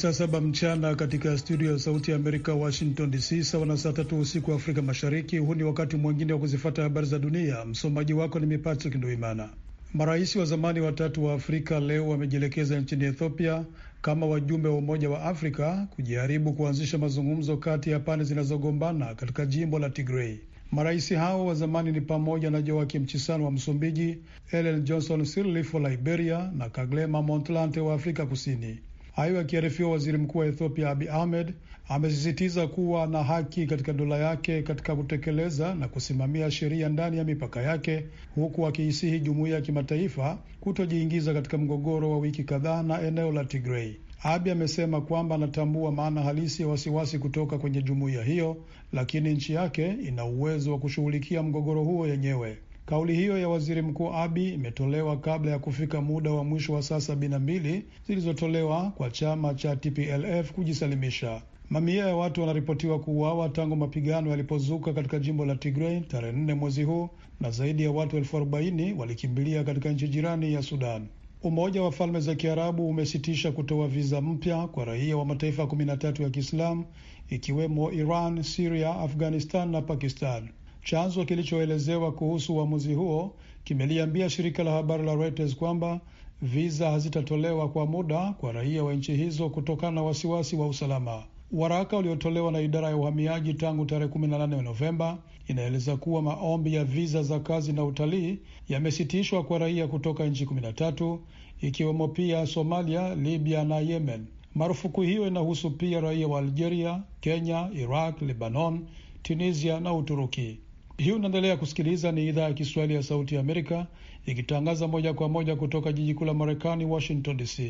saa saba mchana katika studio ya Sauti ya Amerika, Washington DC, sawa na saa tatu usiku wa Afrika Mashariki. Huu ni wakati mwingine wa kuzifata habari za dunia. Msomaji wako ni Mipatrick Nduimana. Marais wa zamani watatu wa Afrika leo wamejielekeza nchini Ethiopia kama wajumbe wa Umoja wa Afrika kujaribu kuanzisha mazungumzo kati ya pande zinazogombana katika jimbo la Tigrei. Marais hao wa zamani ni pamoja na Joakim mchisano wa Msumbiji, Ellen Johnson Sirleaf wa Liberia na Kgalema Motlanthe wa Afrika Kusini. Hayo akiarifiwa, waziri mkuu wa Ethiopia Abi Ahmed amesisitiza kuwa na haki katika dola yake katika kutekeleza na kusimamia sheria ndani ya mipaka yake, huku akiisihi jumuiya ya kimataifa kutojiingiza katika mgogoro wa wiki kadhaa na eneo la Tigrei. Abi amesema kwamba anatambua maana halisi ya wasiwasi kutoka kwenye jumuiya hiyo, lakini nchi yake ina uwezo wa kushughulikia mgogoro huo yenyewe. Kauli hiyo ya waziri mkuu Abi imetolewa kabla ya kufika muda wa mwisho wa saa sabini na mbili zilizotolewa kwa chama cha TPLF kujisalimisha. Mamia ya watu wanaripotiwa kuuawa tangu mapigano yalipozuka katika jimbo la tigrei tarehe nne mwezi huu na zaidi ya watu elfu arobaini walikimbilia katika nchi jirani ya Sudan. Umoja wa Falme za Kiarabu umesitisha kutoa viza mpya kwa raia wa mataifa kumi na tatu ya Kiislamu ikiwemo Iran, Siria, Afghanistan na Pakistan. Chanzo kilichoelezewa kuhusu uamuzi huo kimeliambia shirika la habari la Reuters kwamba viza hazitatolewa kwa muda kwa raia wa nchi hizo kutokana na wasiwasi wa usalama. Waraka uliotolewa na idara ya uhamiaji tangu tarehe 18 Novemba inaeleza kuwa maombi ya viza za kazi na utalii yamesitishwa kwa raia kutoka nchi 13 ikiwemo pia Somalia, Libya na Yemen. Marufuku hiyo inahusu pia raia wa Algeria, Kenya, Iraq, Lebanon, Tunisia na Uturuki. Hii unaendelea kusikiliza ni idhaa ya Kiswahili ya Sauti ya Amerika ikitangaza moja kwa moja kutoka jiji kuu la Marekani, Washington DC.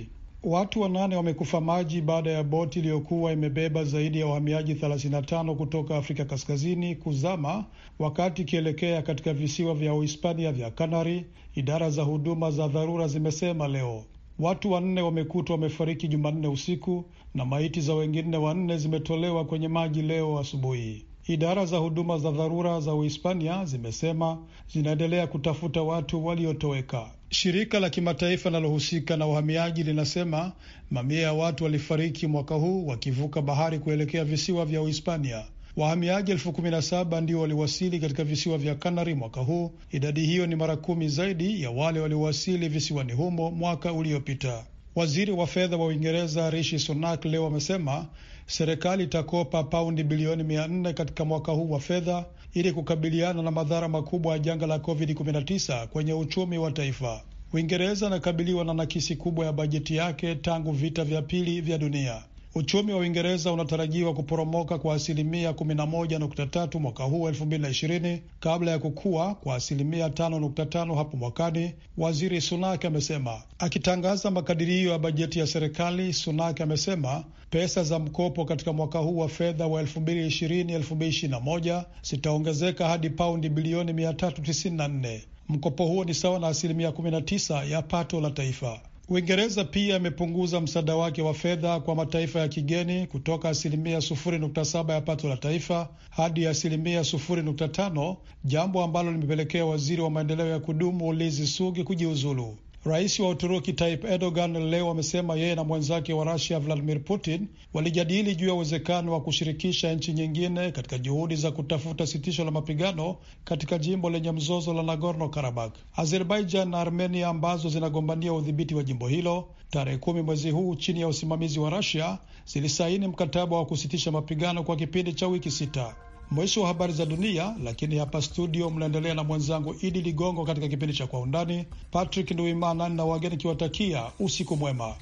Watu wanane wamekufa maji baada ya boti iliyokuwa imebeba zaidi ya wahamiaji 35 kutoka Afrika Kaskazini kuzama wakati ikielekea katika visiwa vya Uhispania vya Kanari, idara za huduma za dharura zimesema leo. Watu wanne wamekutwa wamefariki Jumanne usiku na maiti za wengine wanne zimetolewa kwenye maji leo asubuhi. Idara za huduma za dharura za Uhispania zimesema zinaendelea kutafuta watu waliotoweka. Shirika la kimataifa linalohusika na uhamiaji linasema mamia ya watu walifariki mwaka huu wakivuka bahari kuelekea visiwa vya Uhispania. Wahamiaji elfu kumi na saba ndio waliwasili katika visiwa vya Kanari mwaka huu. Idadi hiyo ni mara kumi zaidi ya wale waliowasili visiwani humo mwaka uliopita. Waziri wa fedha wa Uingereza Rishi Sunak leo amesema serikali itakopa paundi bilioni mia nne katika mwaka huu wa fedha ili kukabiliana na madhara makubwa ya janga la COVID-19 kwenye uchumi wa taifa. Uingereza inakabiliwa na nakisi kubwa ya bajeti yake tangu vita vya pili vya dunia. Uchumi wa Uingereza unatarajiwa kuporomoka kwa asilimia 11.3 mwaka huu 2020 kabla ya kukua kwa asilimia 5.5 hapo mwakani, waziri Sunak amesema. Akitangaza makadirio ya bajeti ya serikali, Sunak amesema pesa za mkopo katika mwaka huu wa fedha wa 2020/2021 zitaongezeka hadi paundi bilioni 394. Mkopo huo ni sawa na asilimia 19 ya pato la taifa. Uingereza pia imepunguza msaada wake wa fedha kwa mataifa ya kigeni kutoka asilimia 7 ya pato la taifa hadi asilimia 5 jambo ambalo limepelekea waziri wa maendeleo ya kudumu Lizi Sugi kujiuzulu. Rais wa Uturuki Tayyip Erdogan leo amesema yeye na mwenzake wa Rusia Vladimir Putin walijadili juu ya uwezekano wa kushirikisha nchi nyingine katika juhudi za kutafuta sitisho la mapigano katika jimbo lenye mzozo la Nagorno Karabakh. Azerbaijan na Armenia ambazo zinagombania udhibiti wa jimbo hilo, tarehe kumi mwezi huu chini ya usimamizi wa Rusia, zilisaini mkataba wa kusitisha mapigano kwa kipindi cha wiki sita. Mwisho wa habari za dunia, lakini hapa studio mnaendelea na mwenzangu Idi Ligongo katika kipindi cha Kwa Undani. Patrick Nduimana na wageni kiwatakia usiku mwema.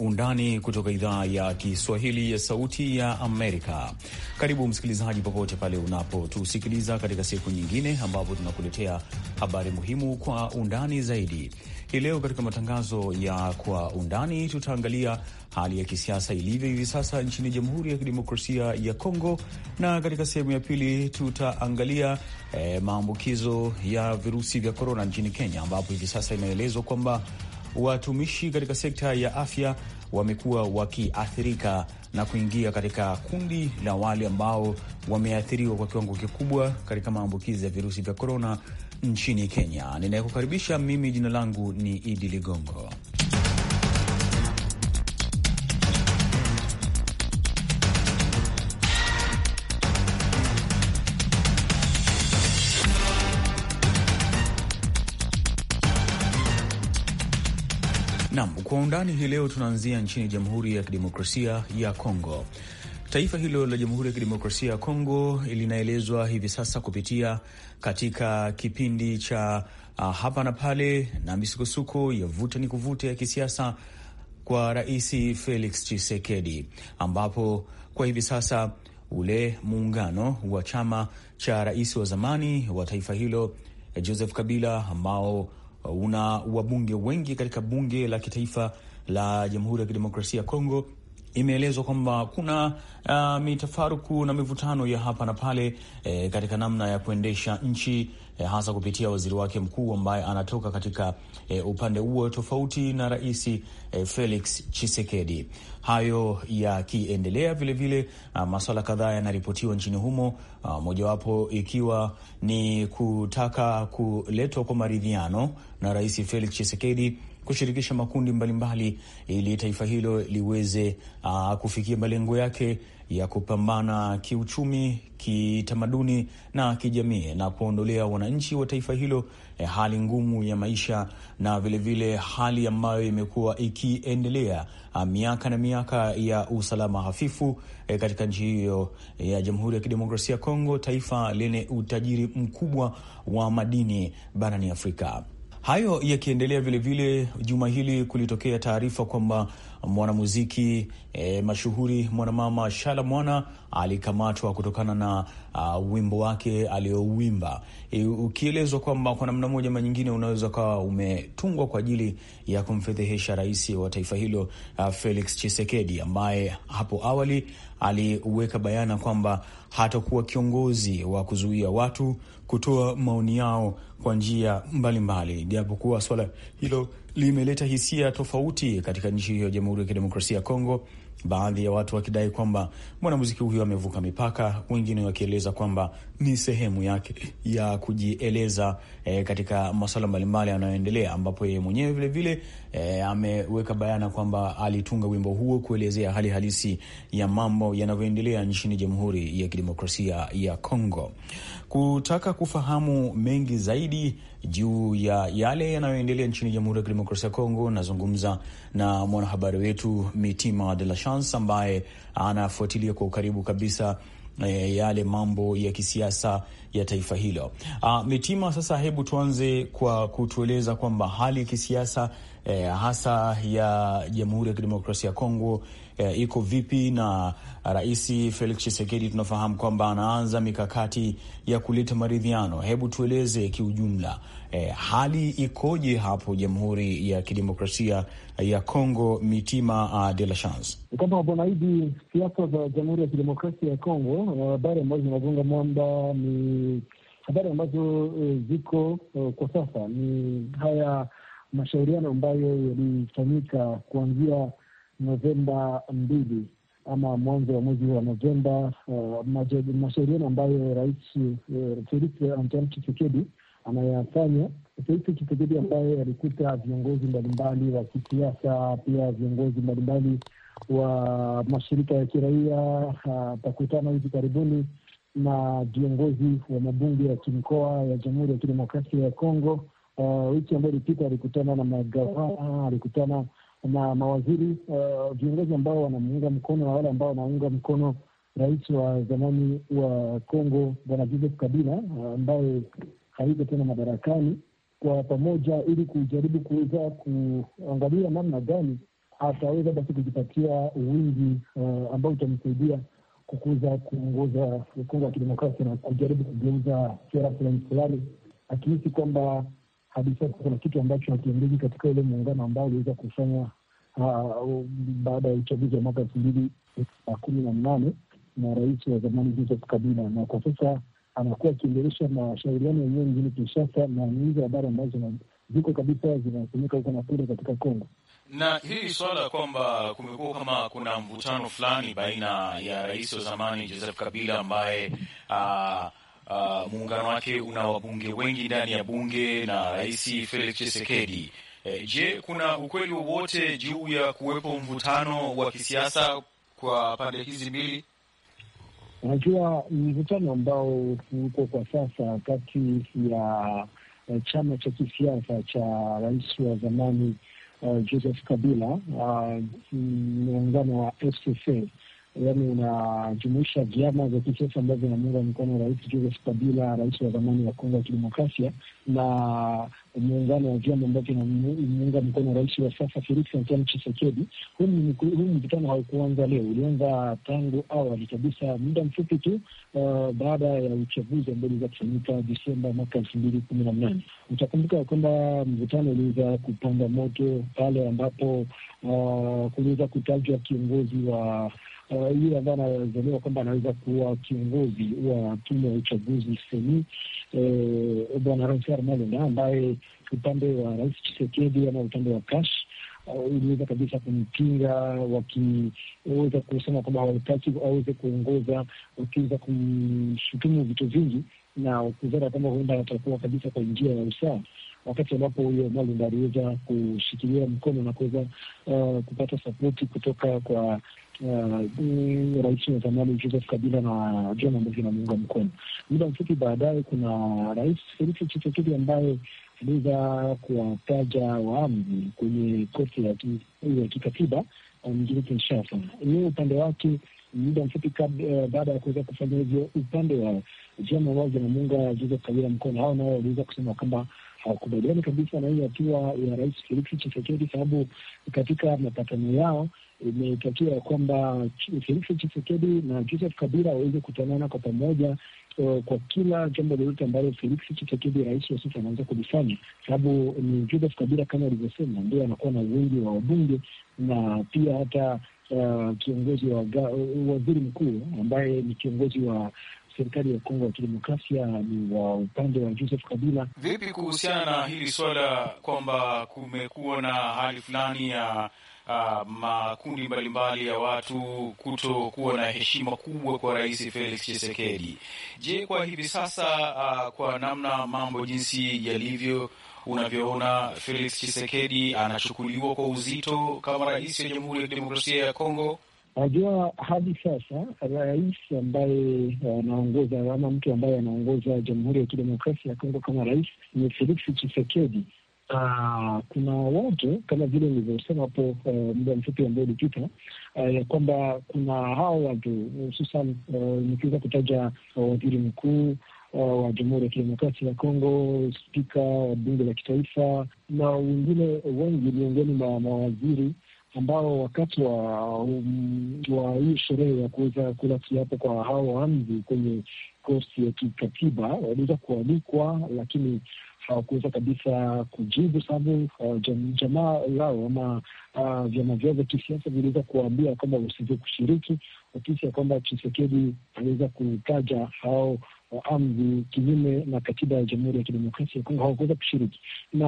undani kutoka idhaa ya Kiswahili ya Sauti ya Amerika. Karibu msikilizaji, popote pale unapotusikiliza katika siku nyingine ambapo tunakuletea habari muhimu kwa undani zaidi. Hii leo katika matangazo ya Kwa Undani tutaangalia hali ya kisiasa ilivyo hivi sasa nchini Jamhuri ya Kidemokrasia ya Kongo, na katika sehemu ya pili tutaangalia eh, maambukizo ya virusi vya korona nchini Kenya, ambapo hivi sasa inaelezwa kwamba watumishi katika sekta ya afya wamekuwa wakiathirika na kuingia katika kundi la wale ambao wameathiriwa kwa kiwango kikubwa katika maambukizi ya virusi vya korona nchini Kenya. Ninayekukaribisha mimi, jina langu ni Idi Ligongo. Kwa undani hii leo tunaanzia nchini Jamhuri ya Kidemokrasia ya Kongo. Taifa hilo la Jamhuri ya Kidemokrasia ya Kongo linaelezwa hivi sasa kupitia katika kipindi cha uh, hapa na pale na misukosuko ya vuta ni kuvuta ya kisiasa kwa Rais Felix Tshisekedi, ambapo kwa hivi sasa ule muungano wa chama cha rais wa zamani wa taifa hilo Joseph Kabila ambao una wabunge wengi katika bunge la kitaifa la Jamhuri ya Kidemokrasia ya Kongo imeelezwa kwamba kuna uh, mitafaruku na mivutano ya hapa na pale eh, katika namna ya kuendesha nchi eh, hasa kupitia waziri wake mkuu ambaye anatoka katika eh, upande huo tofauti na rais eh, Felix Chisekedi. Hayo yakiendelea, vilevile ah, maswala kadhaa yanaripotiwa nchini humo, ah, mojawapo ikiwa ni kutaka kuletwa kwa maridhiano na rais Felix Chisekedi kushirikisha makundi mbalimbali mbali, ili taifa hilo liweze uh, kufikia malengo yake ya kupambana kiuchumi, kitamaduni na kijamii na kuondolea wananchi wa taifa hilo eh, hali ngumu ya maisha na vilevile vile hali ambayo imekuwa ikiendelea ah, miaka na miaka ya usalama hafifu eh, katika nchi hiyo ya eh, Jamhuri ya Kidemokrasia ya Kongo, taifa lenye utajiri mkubwa wa madini barani Afrika. Hayo yakiendelea vilevile, juma hili kulitokea taarifa kwamba mwanamuziki e, mashuhuri mwanamama Shala Mwana alikamatwa kutokana na uh, wimbo wake aliyouimba, e, ukielezwa kwamba kwa namna moja ama nyingine unaweza ukawa umetungwa kwa ajili ya kumfedhehesha rais wa taifa hilo uh, Felix Chisekedi ambaye hapo awali aliweka bayana kwamba hatakuwa kiongozi wa kuzuia watu kutoa maoni yao kwa njia mbalimbali, japokuwa swala hilo limeleta hisia tofauti katika nchi hiyo ya Jamhuri ya Kidemokrasia ya Kongo, baadhi ya watu wakidai kwamba mwanamuziki huyo amevuka mipaka, wengine wakieleza kwamba ni sehemu yake ya kujieleza eh, katika masuala mbalimbali yanayoendelea, ambapo yeye mwenyewe vilevile e, ameweka bayana kwamba alitunga wimbo huo kuelezea hali halisi ya mambo yanavyoendelea nchini Jamhuri ya Kidemokrasia ya Kongo. Kutaka kufahamu mengi zaidi juu ya yale yanayoendelea nchini Jamhuri ya Kidemokrasia ya Kongo, nazungumza na mwanahabari wetu Mitima De La Chance ambaye anafuatilia kwa ukaribu kabisa e, yale mambo ya kisiasa ya taifa hilo. A, ah, Mitima, sasa hebu tuanze kwa kutueleza kwamba hali ya kisiasa e, hasa ya Jamhuri ya Kidemokrasia ya Kongo e, iko vipi? Na Rais Felix Tshisekedi tunafahamu kwamba anaanza mikakati ya kuleta maridhiano. Hebu tueleze kiujumla E, hali ikoje hapo Jamhuri ya Kidemokrasia ya Kongo? Mitima uh, de la Chance kama bwana siasa za Jamhuri ya Kidemokrasia ya Kongo, eh, habari ambazo zinagonga mwamba ni habari ambazo eh, ziko uh, kwa sasa ni haya mashauriano ambayo yalifanyika kuanzia Novemba mbili ama mwanzo wa mwezi wa Novemba, uh, mashauriano ambayo rais Felix Antoine Tshisekedi anayafanya hicho kitegedi ambaye alikuta viongozi mbalimbali wa kisiasa, pia viongozi mbalimbali wa mashirika ya kiraia. Atakutana ah, hivi karibuni na viongozi wa mabunge ya kimkoa ya Jamhuri ya Kidemokrasia ya Kongo. Ah, wiki ambayo ilipita alikutana na magavana, alikutana na mawaziri uh, viongozi ambao wanamuunga mkono na wale ambao wanaunga mkono rais wa zamani wa Kongo Bwana Joseph Kabila ambaye uh, hayuko tena madarakani, kwa pamoja ili kujaribu kuweza kuangalia namna gani ataweza basi kujipatia wingi uh, ambao utamsaidia kukuza kuongoza Kongo ya kidemokrasia na kujaribu kugeuza sera fulani fulani, akihisi kwamba hadi sasa kuna kitu ambacho hakiendeki katika ule muungano ambao uliweza kufanya uh, baada ya uchaguzi wa mwaka elfu mbili na kumi na mnane na rais wa zamani Joseph Kabila, na kwa sasa anakuwa akiendelesha mashauriano yenyewe mjini Kinshasa, na ni hizo habari ambazo ziko kabisa zinatumika huko na kule katika Kongo na hili swala kwamba kumekuwa kama kuna mvutano fulani baina ya rais wa zamani Joseph Kabila ambaye ah, ah, muungano wake una wabunge wengi ndani ya bunge na rais Felix Tshisekedi. E, je, kuna ukweli wowote juu ya kuwepo mvutano wa kisiasa kwa pande hizi mbili? Unajua, mvutano ambao uko kwa sasa kati ya eh, chama cha kisiasa cha rais wa zamani uh, Joseph Kabila eh, muungano uh, wa FCC yaani unajumuisha vyama vya kisiasa ambavyo vinamuunga mkono rais Joseph Kabila, rais wa zamani wa Kongo ya Kidemokrasia, na muungano wa vyama ambavyo inamuunga mkono rais wa sasa Felix Antoine chisekedi Huu mkutano haukuanza leo, ulianza tangu awali kabisa, muda mfupi tu uh, baada ya uchaguzi ambao uliweza kufanyika Desemba mwaka elfu mbili kumi na mnane. Mm. Utakumbuka kwamba mkutano uliweza kupanda moto pale ambapo uh, kuliweza kutajwa kiongozi wa raia eh, ambaye anazaniwa kwamba anaweza kuwa kiongozi wa tume ya uchaguzi seni eh, bwana Ronsard Malonda ambaye upande wa rais Chisekedi ama upande wa Kash eh, uliweza kabisa kumpinga wakiweza kusema kwamba hawataki aweze kuongoza, wakiweza kumshutumu vitu vingi na kuzara kwamba huenda atakuwa kabisa kwa njia ya usawa, wakati ambapo huyo Malinda aliweza kushikilia mkono na kuweza uh, kupata sapoti kutoka kwa Uh, rais wa zamani Joseph Kabila na John ambavyo inamuunga mkono. Muda mfupi baadaye, kuna rais Felix Tshisekedi ambaye aliweza kuwataja waamzi kwenye koti ya kikatiba mjini Kinshasa. Ni upande wake muda mfupi eh, baada ya kuweza kufanya hivyo, upande wa vyama ambao vinamuunga Joseph Kabila mkono, hao nao waliweza kusema kwamba hawakubaliani kabisa na hii hatua ya rais Felix Tshisekedi, sababu katika mapatano yao imetakiwa ya kwamba Felix Chisekedi na Joseph Kabila waweze kutanana kwa pamoja kwa kila jambo lolote ambalo Felix chisekedi rais wa sasa anaweza kulifanya, sababu ni Joseph Kabila kama alivyosema, ndio anakuwa na wingi wa wabunge na pia hata uh, kiongozi wa waziri mkuu ambaye ni kiongozi wa serikali ya Kongo ya Kidemokrasia ni wa upande wa Joseph Kabila. Vipi kuhusiana na hili swala kwamba kumekuwa na hali fulani ya uh, makundi mbalimbali ya watu kutokuwa na heshima kubwa kwa Rais Felix chisekedi Je, kwa hivi sasa uh, kwa namna mambo jinsi yalivyo unavyoona Felix chisekedi anachukuliwa kwa uzito kama rais wa Jamhuri ya Kidemokrasia ya Kongo? Najua hadi sasa rais ambaye anaongoza ama mtu ambaye anaongoza Jamhuri ya Kidemokrasia ya Kongo kama rais ni Felix chisekedi Uh, kuna watu kama vile nilivyosema hapo uh, muda mfupi ambao ulipita eh, ya uh, kwamba kuna hao watu hususan uh, nikiweza kutaja uh, mkuu wa Jamhuri ya Kidemokrasia ya Kongo, spika wa bunge la kitaifa na wengine wengi miongoni mwa mawaziri ambao wakati wa um, wa hii sherehe ya kuweza kula kiapo kwa hao waamzi kwenye kosi ya kikatiba waliweza kualikwa, lakini hawakuweza kabisa kujibu, sababu uh, jam, jamaa lao ama uh, vyama vyao vya kisiasa viliweza kuwaambia kwamba usivyo kushiriki, wakisi ya kwamba Chisekedi aliweza kutaja hao waamzi uh, kinyume na katiba ya Jamhuri ya Kidemokrasia ya Kongo, hawakuweza kushiriki, na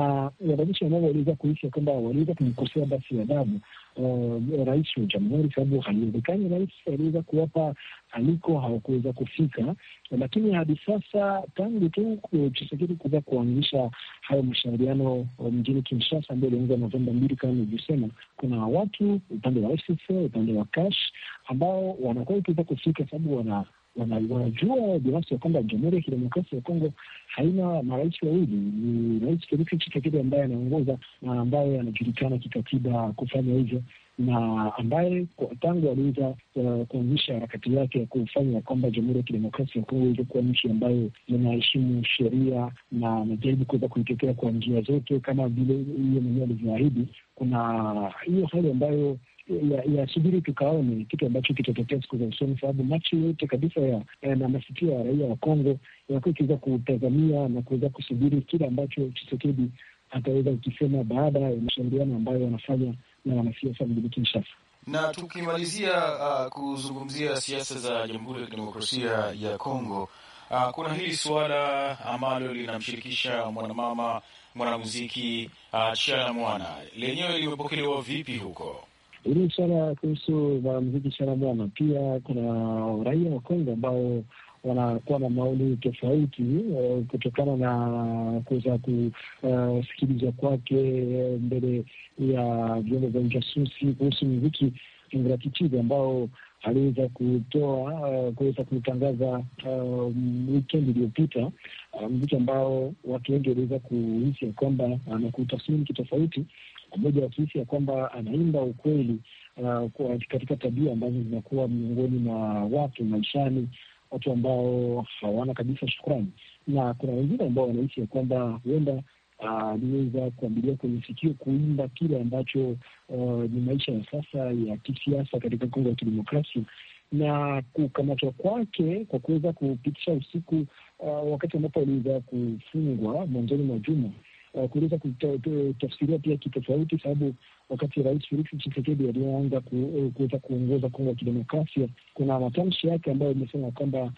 wananchi wenyewe waliweza kuhisi ya kwamba waliweza kumkosea basi adabu uh, rais wa jamhuri, sababu haiwezekani rais aliweza kuwapa aliko hawakuweza kufika. Lakini hadi sasa tangu tu uh, Tshisekedi kuweza kuanzisha hayo mashauriano uh, mjini Kinshasa ambayo ilianza Novemba mbili kama nilivyosema, kuna watu upande wa FCC upande wa Kash ambao wanakuwa ukiweza kufika sababu wana wanajua binafsi ya kwamba Jamhuri ya Kidemokrasia ya Kongo haina marais wawili, ni Rais Felix Tshisekedi ambaye anaongoza na ambaye anajulikana kikatiba kufanya hivyo na ambaye tangu aliweza uh, kuanzisha harakati yake ya kufanya kwamba Jamhuri ya Kidemokrasia ya Kongo ilikuwa nchi ambayo inaheshimu sheria na anajaribu kuweza kuitetea kwa njia zote, kama vile hiyo mwenyewe alivyoahidi. Kuna hiyo hali ambayo yasubiri ya tukaone kitu ambacho kitatokea siku za usoni, sababu machi yote kabisa ya, ya na masikio ya raia wa Kongo yanakuwa ikiweza kutazamia na kuweza kusubiri kile ambacho Chisekedi ataweza ukisema baada ya mashauriano ambayo wanafanya na wanasiasa mjini Kinshasa na tukimalizia uh, kuzungumzia siasa za Jamhuri ya Kidemokrasia ya Kongo, uh, kuna hili suala ambalo linamshirikisha mwanamama mwanamuziki uh, Chala Mwana, lenyewe limepokelewa vipi huko? Ile ishara kuhusu mwanamuziki Shona Bwana, pia kuna raia wa Kongo ambao wanakuwa na maoni tofauti uh, kutokana na kuweza eh, kusikilizwa uh, kwake eh, mbele ya vyombo vya ujasusi kuhusu muziki Ingratitude ambao aliweza kutoa uh, kuweza kutangaza uh, wikendi iliyopita uh, mziki ambao watu wengi waliweza kuhisi ya kwamba amekutasmini kitofauti pamoja wakiishi ya kwamba anaimba ukweli uh, katika tabia ambazo zinakuwa miongoni mwa watu maishani, watu ambao hawana kabisa shukrani, na kuna wengine ambao wanaishi ya kwamba huenda uh, aliweza uh, kuambilia kwenye sikio kuimba kile ambacho uh, ni maisha ya sasa ya kisiasa katika Kongo ya Kidemokrasia na kukamatwa kwake kwa kuweza kupitisha usiku uh, wakati ambapo aliweza kufungwa mwanzoni mwa juma uh, kuweza kutafsiriwa pia kitofauti, sababu wakati Rais Felix Tshisekedi aliyoanza eh, kuweza kuongoza Kongo ya Kidemokrasia, kuna matamshi yake ambayo imesema kwamba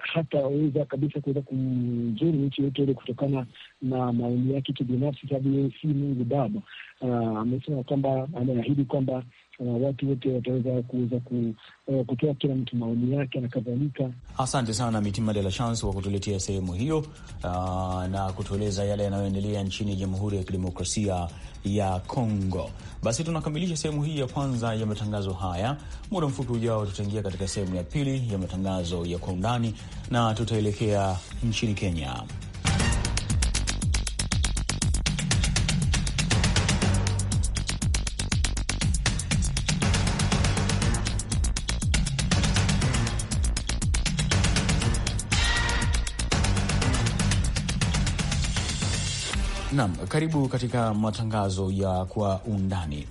hataweza kabisa kuweza kumzuru nchi yote ile kutokana na maoni yake kibinafsi, sababu yeye si Mungu Baba. Ah, amesema kwamba ameahidi kwamba uh, watu wote wataweza kuweza ku, uh, kutoa kila mtu maoni yake na kadhalika. Asante sana Mitima De La Chance kwa kutuletea sehemu hiyo uh, na kutueleza yale yanayoendelea nchini Jamhuri ya Kidemokrasia ya Kongo. Basi tunakamilisha sehemu hii ya kwanza ya matangazo haya. Muda mfupi ujao, tutaingia katika sehemu ya pili ya matangazo ya kwa undani na tutaelekea nchini Kenya. Karibu katika matangazo ya kwa undani.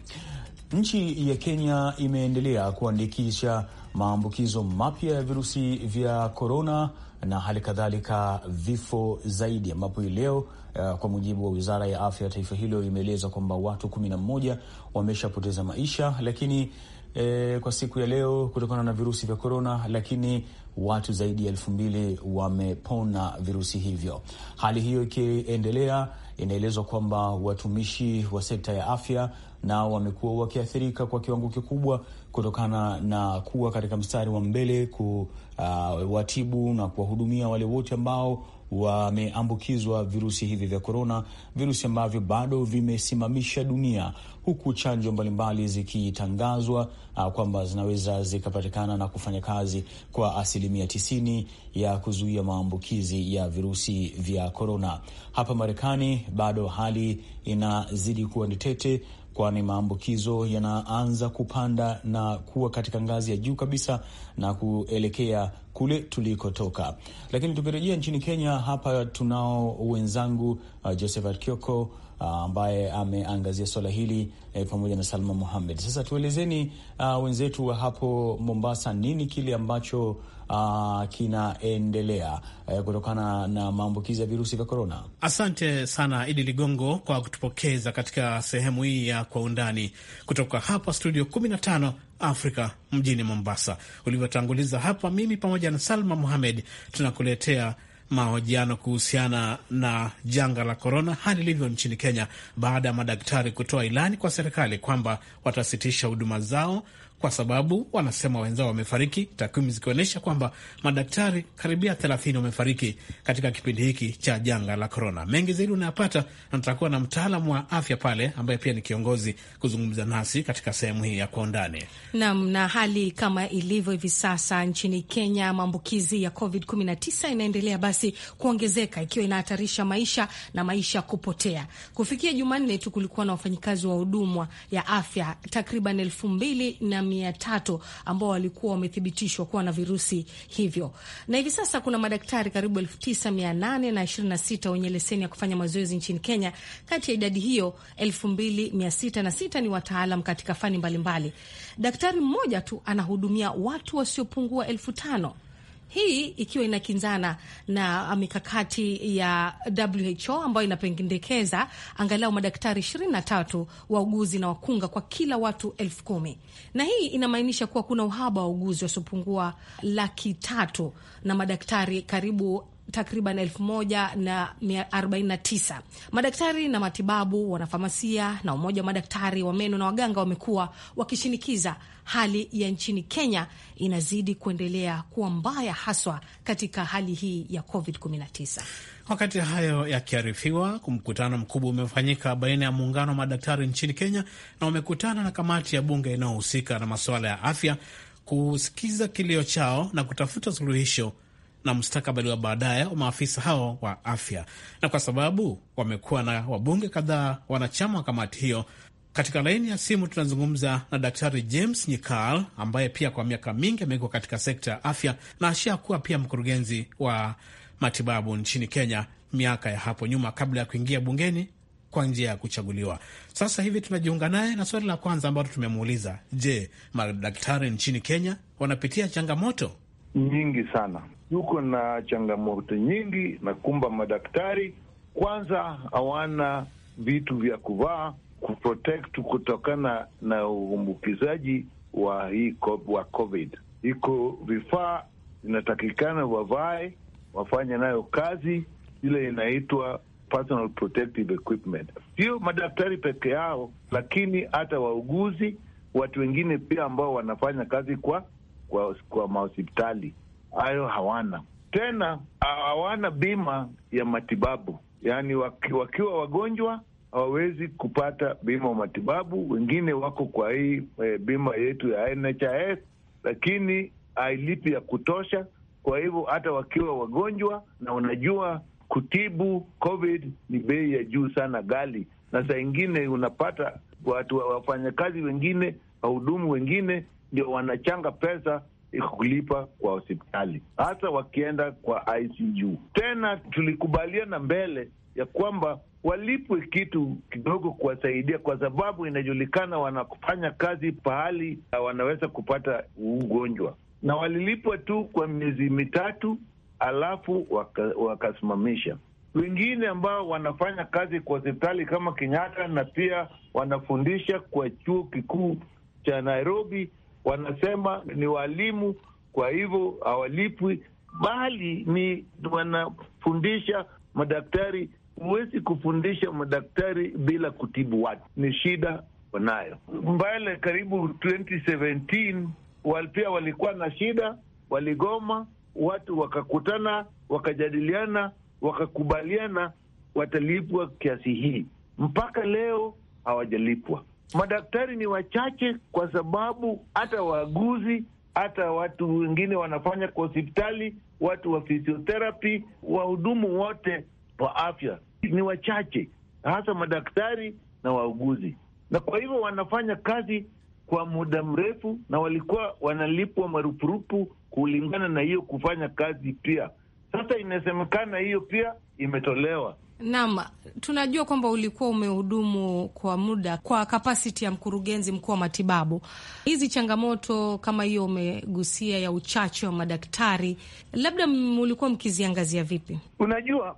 Nchi ya Kenya imeendelea kuandikisha maambukizo mapya ya virusi vya korona na hali kadhalika vifo zaidi, ambapo hii leo uh, kwa mujibu wa wizara ya afya ya taifa hilo imeeleza kwamba watu 11 wameshapoteza maisha, lakini eh, kwa siku ya leo kutokana na virusi vya korona, lakini watu zaidi ya elfu mbili wamepona virusi hivyo. Hali hiyo ikiendelea Inaelezwa kwamba watumishi wa sekta ya afya nao wamekuwa wakiathirika kwa kiwango kikubwa kutokana na kuwa katika mstari wa mbele kuwatibu uh, na kuwahudumia wale wote ambao wameambukizwa virusi hivi vya korona, virusi ambavyo bado vimesimamisha dunia, huku chanjo mbalimbali zikitangazwa ah, kwamba zinaweza zikapatikana na kufanya kazi kwa asilimia tisini ya kuzuia maambukizi ya virusi vya korona. Hapa Marekani bado hali inazidi kuwa ni tete kwani maambukizo yanaanza kupanda na kuwa katika ngazi ya juu kabisa na kuelekea kule tulikotoka. Lakini tukirejea nchini Kenya, hapa tunao wenzangu uh, Josephat Kioko uh, ambaye uh, ameangazia swala hili eh, pamoja na Salma Muhamed. Sasa tuelezeni uh, wenzetu wa hapo Mombasa, nini kile ambacho uh, kinaendelea uh, kutokana na maambukizi ya virusi vya korona. Asante sana Idi Ligongo kwa kutupokeza katika sehemu hii ya kwa undani kutoka hapa studio 15 Afrika mjini Mombasa. Ulivyotanguliza hapa, mimi pamoja na Salma Muhamed tunakuletea mahojiano kuhusiana na janga la korona, hali ilivyo nchini Kenya baada ya madaktari kutoa ilani kwa serikali kwamba watasitisha huduma zao kwa sababu wanasema wenzao wamefariki, takwimu zikionyesha kwamba madaktari karibia thelathini wamefariki katika kipindi hiki cha janga la korona. Mengi zaidi unayapata na tutakuwa na mtaalam wa afya pale ambaye pia ni kiongozi kuzungumza nasi katika sehemu hii ya kwa undani. Naam, na hali kama ilivyo hivi sasa nchini Kenya, maambukizi ya COVID-19 inaendelea basi kuongezeka, ikiwa inahatarisha maisha na maisha kupotea. Kufikia Jumanne tu kulikuwa na wafanyikazi wa huduma ya afya takriban elfu mbili na mia tatu ambao walikuwa wamethibitishwa kuwa na virusi hivyo, na hivi sasa kuna madaktari karibu elfu tisa mia nane na ishirini na sita wenye leseni ya kufanya mazoezi nchini Kenya. Kati ya idadi hiyo elfu mbili mia sita na sita ni wataalam katika fani mbalimbali mbali. Daktari mmoja tu anahudumia watu wasiopungua elfu tano hii ikiwa inakinzana na mikakati ya WHO ambayo inapendekeza angalau madaktari 23 wauguzi na wakunga kwa kila watu elfu kumi na hii inamaanisha kuwa kuna uhaba wa uguzi wasiopungua laki tatu na madaktari karibu takriban elfu moja na mia arobaini na tisa. Madaktari na matibabu, wanafamasia na umoja wa madaktari wa meno na waganga wamekuwa wakishinikiza hali ya nchini Kenya inazidi kuendelea kuwa mbaya, haswa katika hali hii ya COVID-19. Wakati hayo yakiarifiwa, mkutano mkubwa umefanyika baina ya muungano wa madaktari nchini Kenya na wamekutana na kamati ya bunge inayohusika na masuala ya afya kusikiza kilio chao na kutafuta suluhisho na mustakabali wa baadaye wa maafisa hao wa afya, na kwa sababu wamekuwa na wabunge kadhaa wanachama wa kamati hiyo. Katika laini ya simu tunazungumza na Daktari James Nyikal ambaye pia kwa miaka mingi amekuwa katika sekta ya afya na ashakuwa pia mkurugenzi wa matibabu nchini Kenya miaka ya hapo nyuma kabla ya kuingia bungeni kwa njia ya kuchaguliwa. Sasa hivi tunajiunga naye na swali la kwanza ambalo tumemuuliza, je, madaktari nchini Kenya wanapitia changamoto nyingi sana? tuko na changamoto nyingi na kumba madaktari kwanza hawana vitu vya kuvaa kuprotect kutokana na uambukizaji wa hii wa COVID. Iko vifaa inatakikana wavae, wafanye nayo kazi, ile inaitwa personal protective equipment. Sio madaktari peke yao, lakini hata wauguzi, watu wengine pia ambao wanafanya kazi kwa kwa, kwa mahospitali hayo hawana tena, hawana bima ya matibabu, yaani waki, wakiwa wagonjwa hawawezi kupata bima ya matibabu. Wengine wako kwa hii e, bima yetu ya NHIF, lakini hailipi ya kutosha. Kwa hivyo hata wakiwa wagonjwa, na unajua kutibu COVID ni bei ya juu sana, gali na saa ingine unapata watu wafanyakazi wengine, wahudumu wengine ndio wanachanga pesa kulipa kwa hospitali, hata wakienda kwa ICU. Tena tulikubaliana mbele ya kwamba walipwe kitu kidogo kuwasaidia, kwa sababu inajulikana wanakufanya kazi pahali wanaweza kupata ugonjwa, na walilipwa tu kwa miezi mitatu, alafu wakasimamisha waka wengine ambao wanafanya kazi kwa hospitali kama Kenyatta na pia wanafundisha kwa chuo kikuu cha Nairobi wanasema ni walimu, kwa hivyo hawalipwi, bali ni wanafundisha madaktari. Huwezi kufundisha madaktari bila kutibu watu, ni shida wanayo. Mbale karibu 2017 pia walikuwa na shida, waligoma, watu wakakutana, wakajadiliana, wakakubaliana watalipwa kiasi hii, mpaka leo hawajalipwa. Madaktari ni wachache, kwa sababu hata waaguzi, hata watu wengine wanafanya kwa hospitali, watu wa physiotherapy, wahudumu wote wa afya ni wachache, hasa madaktari na wauguzi, na kwa hivyo wanafanya kazi kwa muda mrefu, na walikuwa wanalipwa marupurupu kulingana na hiyo kufanya kazi. Pia sasa inasemekana hiyo pia imetolewa. Naam, tunajua kwamba ulikuwa umehudumu kwa muda kwa kapasiti ya mkurugenzi mkuu wa matibabu. Hizi changamoto kama hiyo umegusia ya uchache wa madaktari, labda mulikuwa mkiziangazia vipi? Unajua,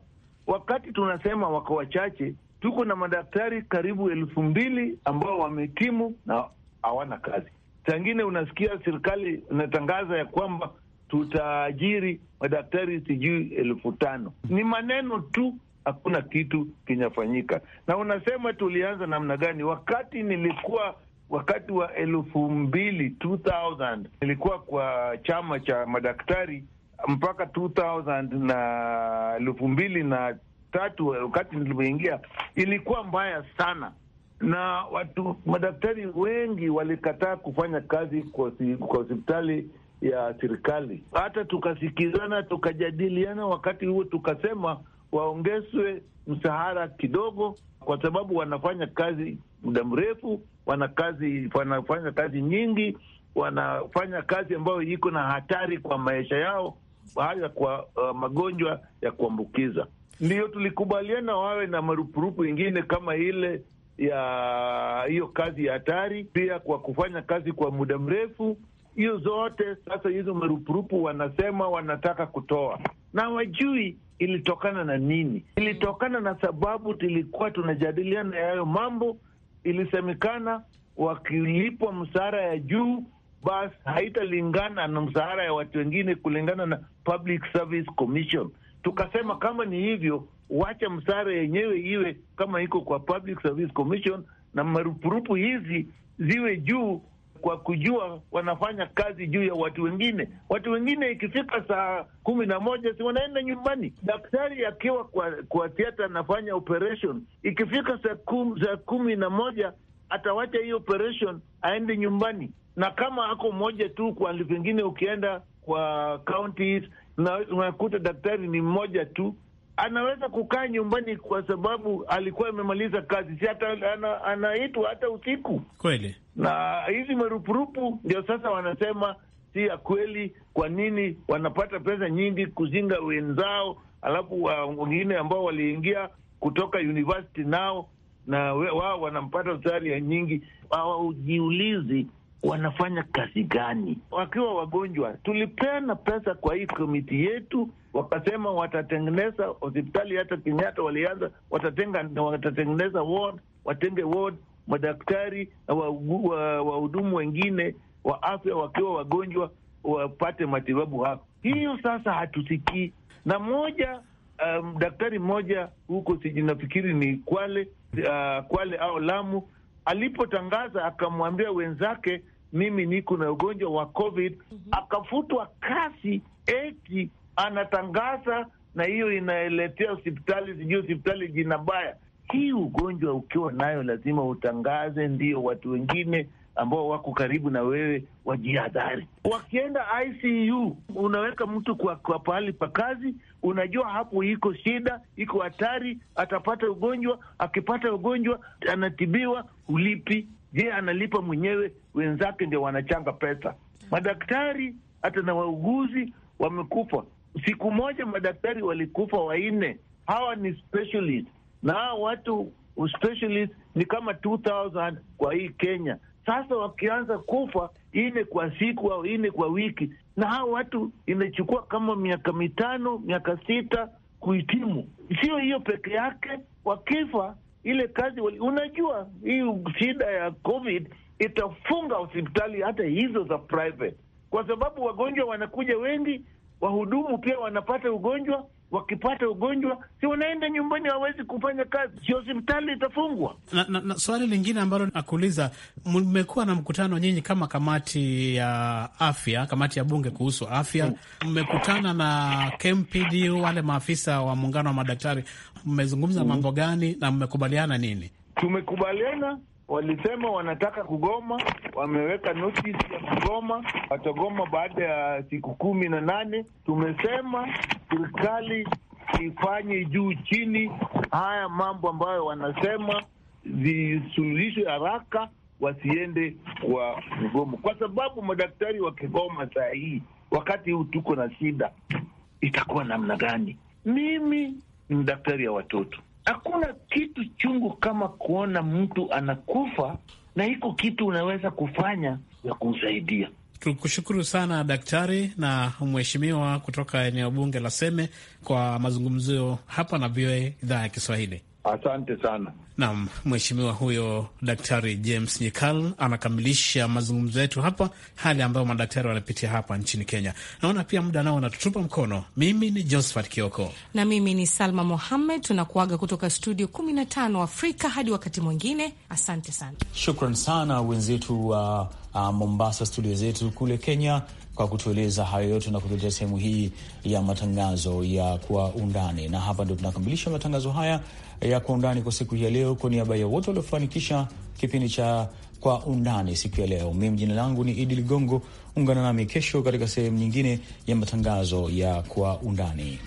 wakati tunasema wako wachache, tuko na madaktari karibu elfu mbili ambao wamehitimu na hawana kazi. Sangine unasikia serikali inatangaza ya kwamba tutaajiri madaktari sijui elfu tano. Ni maneno tu hakuna kitu kinyafanyika Na unasema tulianza namna gani? Wakati nilikuwa wakati wa elfu mbili 2000 nilikuwa kwa chama cha madaktari mpaka 2000 na elfu mbili na tatu, wakati nilivyoingia ilikuwa mbaya sana, na watu madaktari wengi walikataa kufanya kazi kwa hospitali ya serikali. Hata tukasikizana tukajadiliana, wakati huo tukasema waongezwe mshahara kidogo, kwa sababu wanafanya kazi muda mrefu, wana kazi, wanafanya kazi nyingi, wanafanya kazi ambayo iko na hatari kwa maisha yao, haya kwa uh, magonjwa ya kuambukiza. Ndiyo tulikubaliana wawe na marupurupu ingine kama ile ya hiyo kazi ya hatari, pia kwa kufanya kazi kwa muda mrefu. Hiyo zote sasa, hizo marupurupu wanasema wanataka kutoa na wajui ilitokana na nini. Ilitokana na sababu tulikuwa tunajadiliana yayo mambo, ilisemekana wakilipwa msaara ya juu basi haitalingana na msaara ya watu wengine kulingana na Public Service Commission. Tukasema kama ni hivyo, wacha msaara yenyewe iwe kama iko kwa Public Service Commission na marupurupu hizi ziwe juu kwa kujua wanafanya kazi juu ya watu wengine. Watu wengine ikifika saa kumi na moja si wanaenda nyumbani. Daktari akiwa kwa, kwa tiata anafanya operation, ikifika saa kum, saa kumi na moja atawacha hii operation aende nyumbani, na kama ako mmoja tu kwa pengine ukienda kwa counties unakuta daktari ni mmoja tu anaweza kukaa nyumbani kwa sababu alikuwa amemaliza kazi, si hata ana, anaitwa hata usiku kweli. Na hizi marupurupu ndio sasa wanasema si ya kweli. Kwa nini wanapata pesa nyingi kuzinga wenzao, alafu ah, wengine ambao waliingia kutoka university nao na wao wanampata usari ya nyingi, hawajiulizi wanafanya kazi gani wakiwa wagonjwa. Tulipeana pesa kwa hii komiti yetu, wakasema watatengeneza hospitali. Hata Kenyatta walianza watatenga, watatengeneza ward, watenge ward madaktari na wa, wahudumu wa wengine wa afya wakiwa wagonjwa wapate matibabu hapo. Hiyo sasa hatusikii na moja. Um, daktari mmoja huko sijinafikiri ni Kwale, uh, Kwale au Lamu alipotangaza akamwambia wenzake, mimi niko na ugonjwa wa COVID mm -hmm. Akafutwa kasi eti anatangaza, na hiyo inaeletea hospitali sijui hospitali jina baya. Hii ugonjwa ukiwa nayo lazima utangaze, ndio watu wengine ambao wako karibu na wewe wajihadhari. Wakienda ICU, unaweka mtu kwa, kwa pahali pa kazi, unajua hapo iko shida, iko hatari, atapata ugonjwa. Akipata ugonjwa anatibiwa, ulipi? Je, analipa mwenyewe? Wenzake ndio wanachanga pesa. Madaktari hata na wauguzi wamekufa. Siku moja madaktari walikufa wanne. Hawa ni specialist na hawa watu specialist ni kama 2000 kwa hii Kenya sasa wakianza kufa ine kwa siku au ine kwa wiki, na hao watu inachukua kama miaka mitano miaka sita kuhitimu. Sio hiyo peke yake, wakifa ile kazi wali... unajua hii shida ya COVID itafunga hospitali hata hizo za private, kwa sababu wagonjwa wanakuja wengi, wahudumu pia wanapata ugonjwa wakipata ugonjwa si wanaenda nyumbani, hawawezi kufanya kazi, si hospitali itafungwa. Na, na, na swali lingine ambalo nakuuliza, mmekuwa na mkutano nyinyi kama kamati ya afya, kamati ya bunge kuhusu afya, mmekutana na KMPD, wale maafisa wa muungano wa madaktari, mmezungumza mm-hmm. mambo gani na mmekubaliana nini? Tumekubaliana walisema wanataka kugoma, wameweka notisi ya kugoma, watagoma baada ya siku kumi na nane. Tumesema serikali ifanye juu chini haya mambo ambayo wanasema zisuluhishwe haraka, wasiende kwa mgomo, kwa sababu madaktari wakigoma saa hii, wakati huu tuko na shida, itakuwa namna gani? Mimi ni daktari ya watoto Hakuna kitu chungu kama kuona mtu anakufa na hiko kitu unaweza kufanya ya kumsaidia. Tukushukuru sana daktari na mheshimiwa kutoka eneo bunge la Seme kwa mazungumzo hapa na VOA idhaa ya Kiswahili. Asante sana. Naam, mheshimiwa huyo Daktari James Nyikal anakamilisha mazungumzo yetu hapa, hali ambayo madaktari wanapitia hapa nchini Kenya. Naona pia muda nao unatutupa mkono. Mimi ni Josephat Kioko na mimi ni Salma Mohammed, tunakuaga kutoka studio 15 Afrika hadi wakati mwingine. Asante sana, shukran sana wenzetu wa uh, uh, Mombasa, studio zetu kule Kenya kwa kutueleza hayo yote na kutuletea sehemu hii ya matangazo ya kwa undani, na hapa ndio tunakamilisha matangazo haya ya Kwa Undani kwa siku ya leo. Kwa niaba ya wote waliofanikisha kipindi cha Kwa Undani siku ya leo, mimi jina langu ni Idi Ligongo. Ungana nami kesho katika sehemu nyingine ya matangazo ya Kwa Undani.